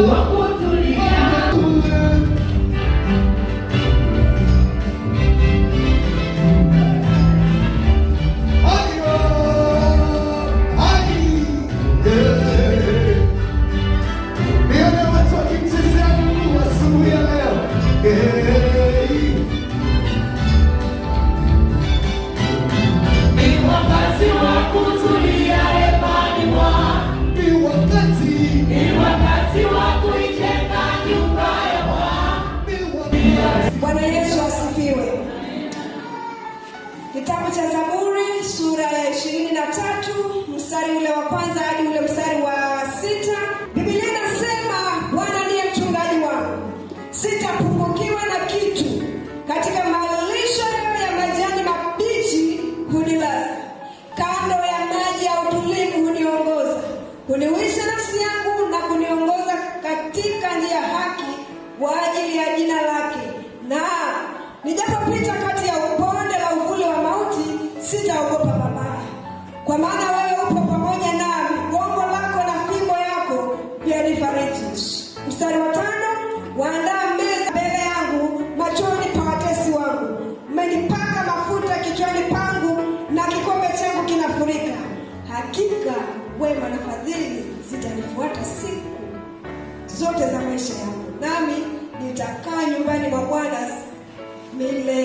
누가 뭐, katika njia haki kwa ajili ya jina lake, na nijapopita kati ya uponde la uvuli wa mauti, sitaogopa mabaya, kwa maana zote za maisha yangu, nami nitakaa nyumbani kwa Bwana milele.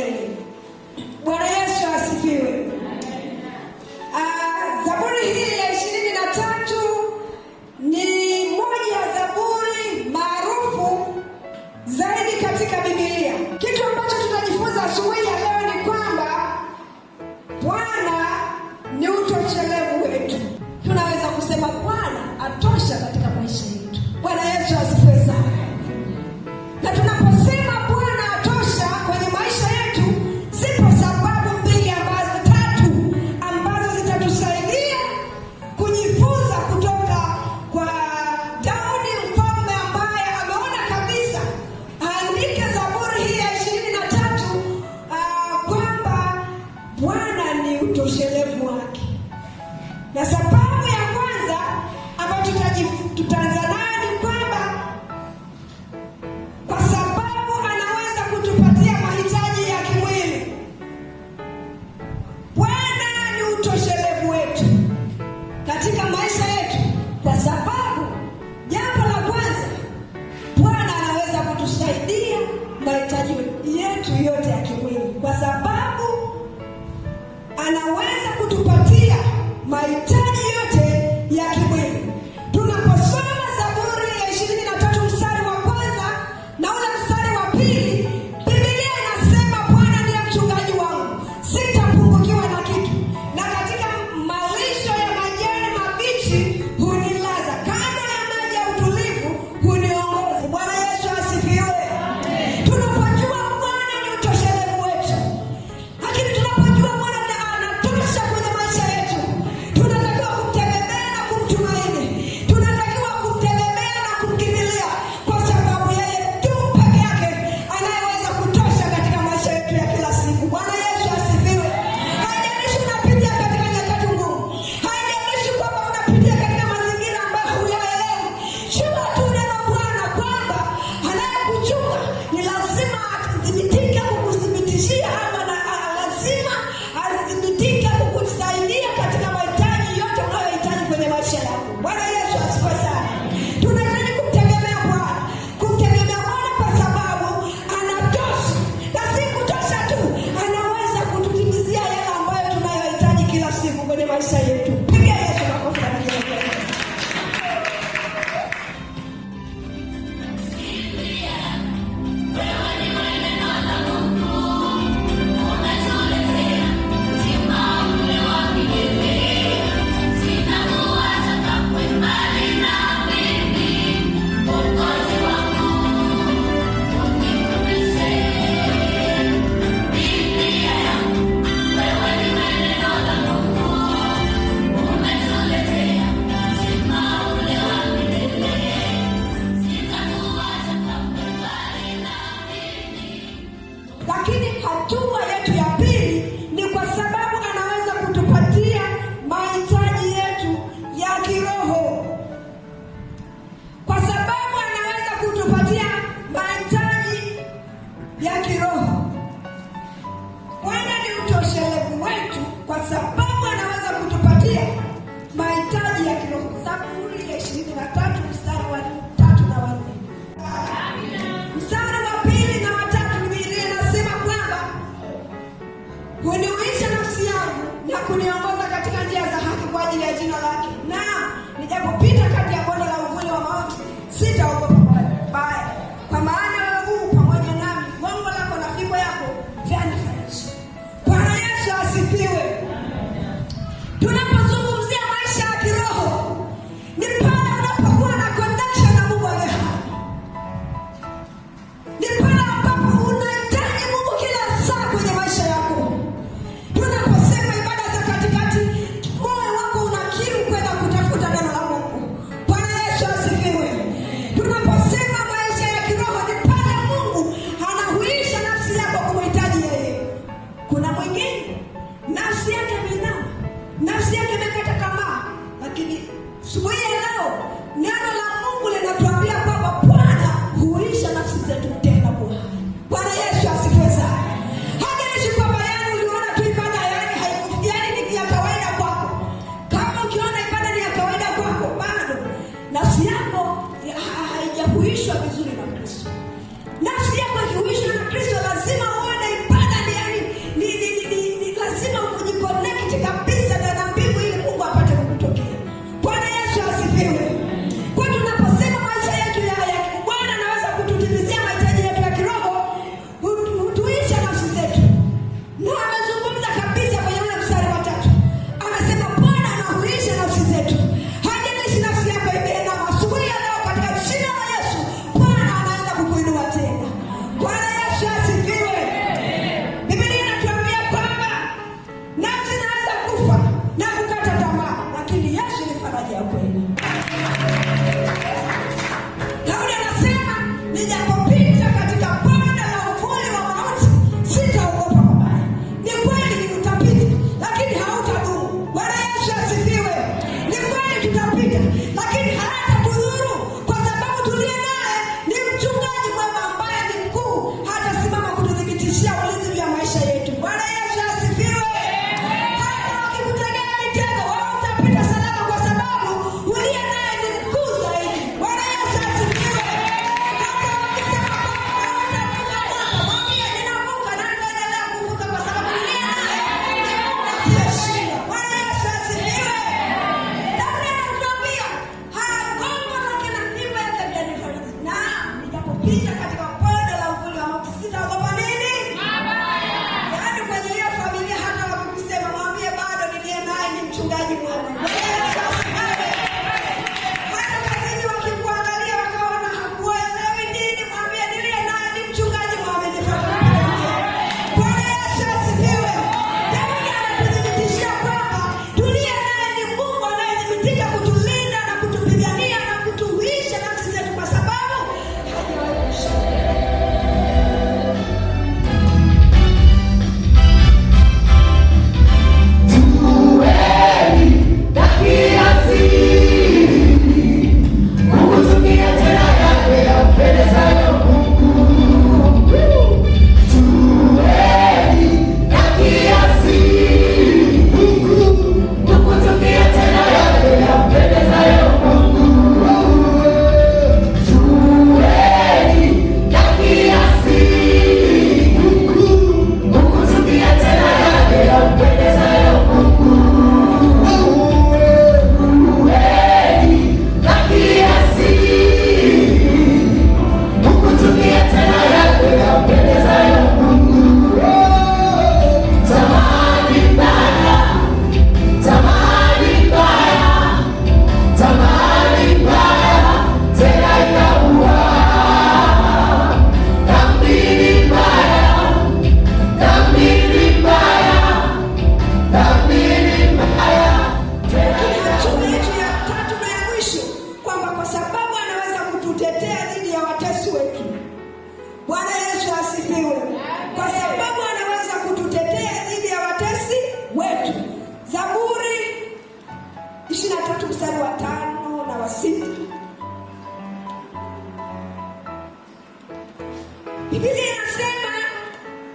Biblia inasema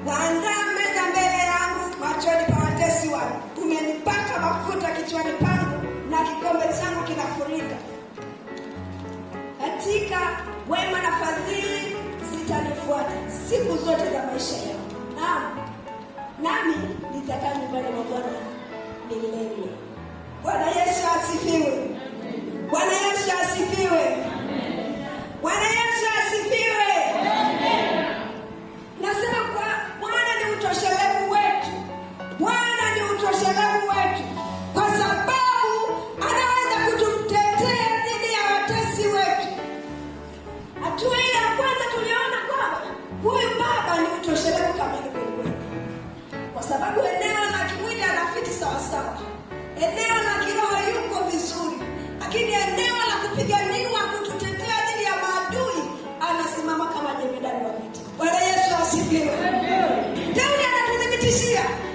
waandaa meza mbele yangu machoni pa watesi wangu, umenipaka mafuta kichwani pangu na kikombe changu kinafurika. Katika wema na fadhili zitanifuata siku zote za maisha yangu, naam, nami nitakaa nyumbani mwa Bwana milele. Bwana Yesu asifiwe! Bwana Yesu asifiwe! Bwana 继续。